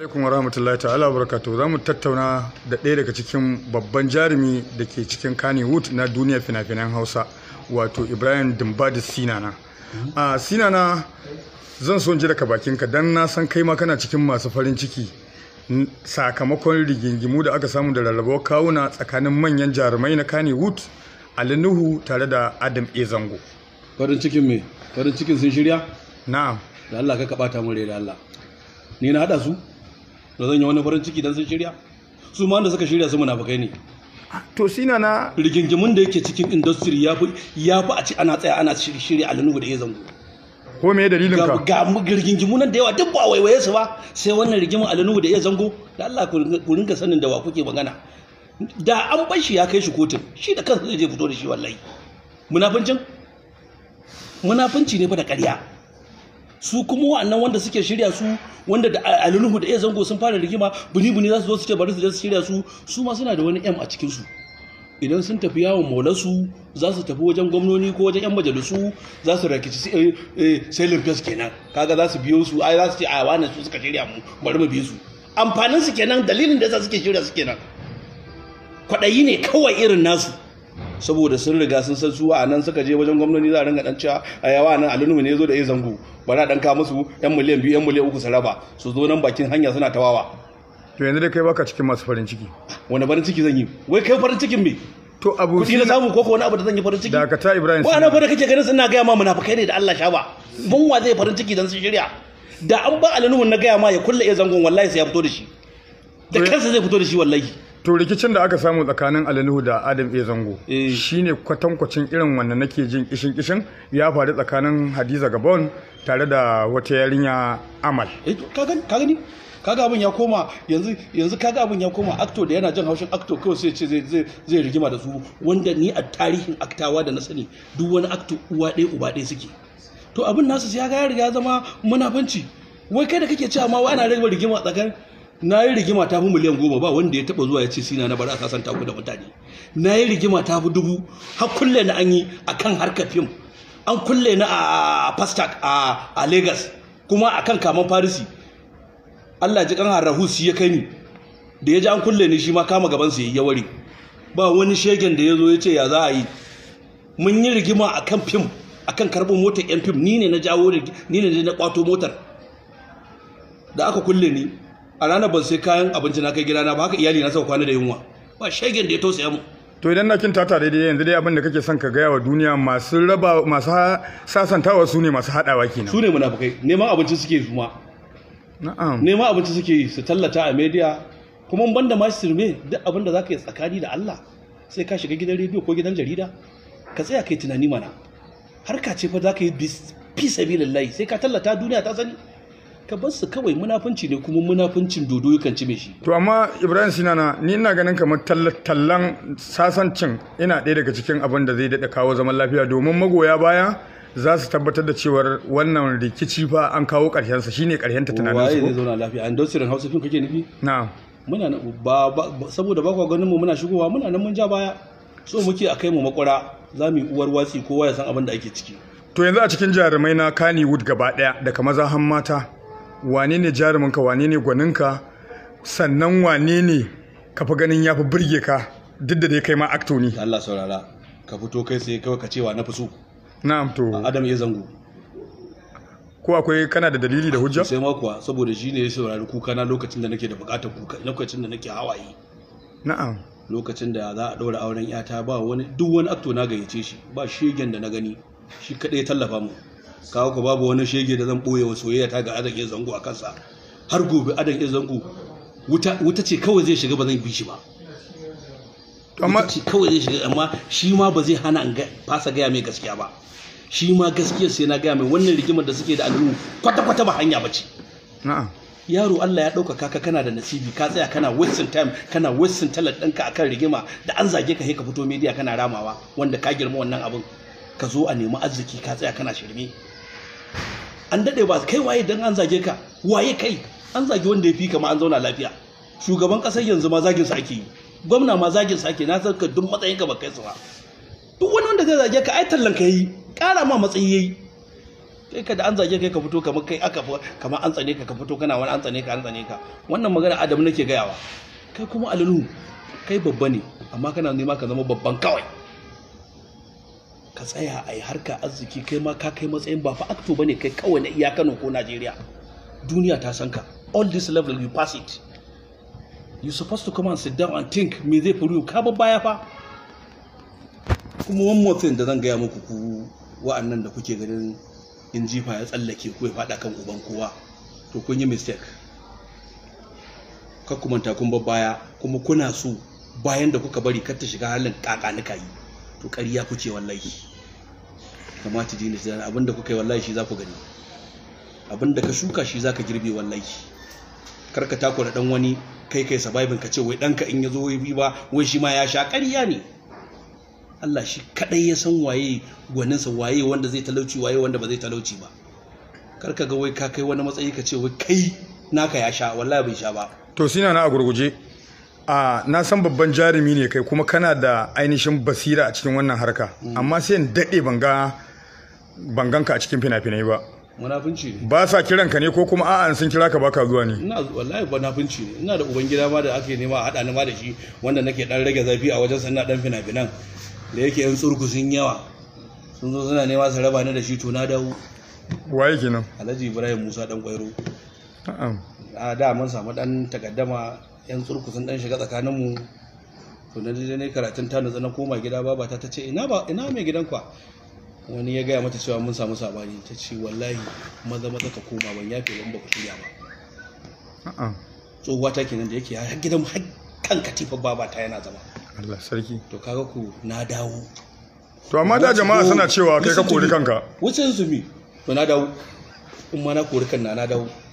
alaikum rahmatullahi ta'ala barakatu za mu tattauna da ɗaya daga cikin babban jarumi da ke cikin kannywood na duniya fina-finan hausa wato ibrahim dimbadi sinana mhm. a ah, sinana zan so ji daga bakinka don na san kai ma kana cikin masu farin ciki sakamakon rigingimu da aka samu da rarrabawar kawuna tsakanin manyan jarumai na kannywood a nuhu tare da adam e farin cikin me farin cikin sun shirya na'am da allah ka kaɓata mu da allah ni na haɗa su da zan yi wani farin ciki don sun shirya su ma da suka shirya su Muna Bakai ne to sina na rigingimin da yake cikin industry ya fi ya fi a ci ana tsaya ana shirya alinu da ya zango ko me dalilin ka ga rigingimu nan da yawa duk ba waiwaye su ba sai wannan rigimin alinu da ya zango da Allah ku rinka sanin da wa kuke magana da an bar shi ya kai shi kotun shi da kansa zai je fito da shi wallahi munafincin munafinci ne fa da ƙarya su kuma wa'annan wanda suke shirya su wanda da alunuhu da iya zango sun fara rigima buni buni za su zo su ce bari su je su shirya su su ma suna da wani 'yam a cikinsu idan sun tafi yawon maulansu za su tafi wajen gwamnoni ko wajen 'yan majalisu za su rakici eh, eh, sailin fes kenan kaga za su biyo su ai za su ce a wane su suka shirya mu bari mu biyo su amfanin su kenan dalilin da za suke shirya su kenan kwaɗayi ne kawai irin nasu saboda sun riga sun san su a nan suka je wajen gwamnati za a ringa dan cewa a yawa nan alunumi ne zo da ya zango bana dan ka musu yan miliyan biyu yan miliyan uku su raba su zo nan bakin hanya suna tawawa to yanzu dai kai baka cikin masu farin ciki wani farin ciki zan yi wai kai farin cikin me to abu kuɗi na samu koko wani abu da zan yi farin ciki daga ta ibrahim wani abu da kake ganin suna gaya ma munafikai ne da Allah sha ba mun wa zai farin ciki dan su shirya da an ba alunumin na gaya ma ya kulle iya zangon wallahi sai ya fito da shi da kansa zai fito da shi wallahi to rikicin da aka samu tsakanin alinuhu da adam a zango eh. shine kwatankwacin irin wanda nake jin kishin kishin ya faru tsakanin hadiza gabon tare da wata yarinya amal eh, ka kaga abin ya koma yanzu yanzu kaga abin ya koma akto da yana jin haushin akto kawai sai ce zai zai rigima da su wanda ni a tarihin aktawa da na sani duk wani akto uwa ɗaya uba ɗaya suke to abin nasu sai ya ga ya riga zama manafanci wai kai da kake cewa ma wani ana rigima tsakanin na yi rigima ta fi miliyan goma ba wanda ya taba zuwa ya ce sina na bari a sasanta ku da mutane na yi rigima ta fi dubu har kulle na an yi a kan harkar fim an kulle na a fastak a lagos kuma a kan kaman farisi allah ji kan harahusi ya kai ni da ya ji an kulle ni shi ma kama gaban su ya ware ba wani shegen da ya zo ya ce ya za a yi mun yi rigima a kan fim a kan karbin motar yan fim ni ne na jawo ni ne na kwato motar da aka kulle ni a ranar ba sai kayan abinci na kai gidana ba haka iyali na sau kwana da yunwa ba shagen da ya tausaya mu to idan na kinta tare da yanzu dai abin da kake son ka gaya wa duniya masu raba masu sasantawa su ne masu hadawa kenan su ne munafukai neman abinci suke su neman abinci suke su tallata a media kuma ban da ma sirme duk abin da zaka yi tsakani da Allah sai ka shiga gidan rediyo ko gidan jarida ka tsaya kai tunani mana har ka ce fa zaka yi fi sabilillahi sai ka tallata duniya ta sani ka bar su kawai munafunci ne kuma munafuncin dodo yakan ci mai shi to amma ibrahim sinana ni ina ganin kamar tallan sasancin ina ɗaya daga cikin abin da zai daɗa kawo zaman lafiya domin magoya baya za su tabbatar da cewar wannan rikici fa an kawo ƙarshen sa shine ƙarshen ta tunanin su waye zai zauna lafiya an ran hausa fim kake nufi na'am muna ba saboda ba kwa ganin mu muna shigowa muna nan mun ja baya so muke a kai mu makwara za mu yi uwar watsi kowa ya san abin da ake ciki to yanzu a cikin jarumai na Kannywood gaba daya daga maza har mata wane ne jaruminka wane ne gwaninka sannan wane ne ka fi ganin ya fi birge ka duk da dai kai ma akto ne Allah saurara ka fito kai sai kawai ka cewa na fi so na'am to adam ya zango ko akwai kana da dalili da hujja sai ma kuwa saboda ne ya saurari kuka na lokacin da nake da bukatar kuka lokacin da nake hawaye na'am lokacin da za a ɗaura auren 'yata ba wani duk wani akto na gayyace shi ba shegen da na gani shi kaɗai ya tallafa mu kawo ku babu wani shege da zan ɓoye wa soyayya ta ga adan ya zango a kansa har gobe adan ya zango wuta ce kawai zai shiga ba zan bi shi ba amma ce kawai zai shiga amma shi ma ba zai hana in fasa gaya mai gaskiya ba shi ma gaskiyar sai na gaya mai wannan rigimar da suke da al'ummu kwata-kwata ba hanya ba ce yaro Allah ya dauka kaka kana da nasibi ka tsaya kana wasting time kana wasting talent ɗinka akan rigima da an zage ka ka fito media kana ramawa wanda ka girma wannan abin ka zo a nemi arziki ka tsaya kana shirme an daɗe ba kai waye dan an zage ka waye kai an zage wanda ya fi kama an zauna lafiya shugaban ƙasar yanzu ma zagin sa ake yi gwamna ma zagin sa ake na san ka duk matsayin ka ba kai ba duk wani wanda zai zage ka ai tallan ka yi ƙara ma matsayi yayi kai ka da an zage kai ka fito kamar kai aka kamar an tsane ka ka fito kana wani an tsane ka an tsane ka wannan magana adam nake gayawa kai kuma alunu kai babba ne amma kana nema ka zama babban kawai ka tsaya a yi harka arziki kai ma ka kai matsayin ba fa akto bane kai kawai na iya Kano ko Najeriya duniya ta san ka all this level you pass it you supposed to come and sit down and think me zai faru ka ba baya fa kuma one more thing da zan gaya muku ku wa'annan da kuke ganin in jifa ya tsallake ku ya fada kan uban kowa to kun yi mistake ka kuma kun ba baya kuma kuna so bayan da kuka bari kar ta shiga halin kakanika yi to ƙarya kuce wallahi kamata dina ta abinda kuka yi wallahi shi za ku gani abinda ka shuka shi za ka girbe wallahi kar ka takura dan wani kai kai sababin ka ce wai ɗanka in ya zo wai ba wai shi ma ya sha ƙarya ne Allah shi kaɗai ya san waye gwaninsa waye wanda zai talauci waye wanda ba zai talauci ba kar ka ga wai ka kai wani matsayi ka ce wai kai naka ya sha wallahi bai sha ba to sina na a gurguje a na san babban jarumi ne kai kuma kana da ainihin basira a cikin wannan harka amma sai in dade banga banganka a cikin fina-finai ba munafunci ne ba sa kiran ka ne ko kuma a'a sun kira ka baka zuwa ne ina wallahi munafunci ne ina da uban gida ma da ake nema a hada ni ma da shi wanda nake dan rage zafi a wajen sanna dan fina-finan da yake yan tsurku sun yawa sun zo suna nema su raba ni da shi to na dawo waye kenan Alhaji Ibrahim Musa dan Kwairo a'a da mun samu dan takaddama yan tsurku sun dan shiga tsakaninmu to na je ne karatun ta na koma gida baba ta ce ina ba ina mai gidan wani ya gaya mata cewa mun samu sabani ta ce wallahi maza maza ka koma ban yafe ban ba ku shirya ba tsohuwa ta kenan da yake har gidan har kan katifar baba ta yana zama Allah sarki to kaga ku na dawo to amma da jama'a suna cewa kai ka kori kanka wucin zumi to na dawo in ma na kori kan na na dawo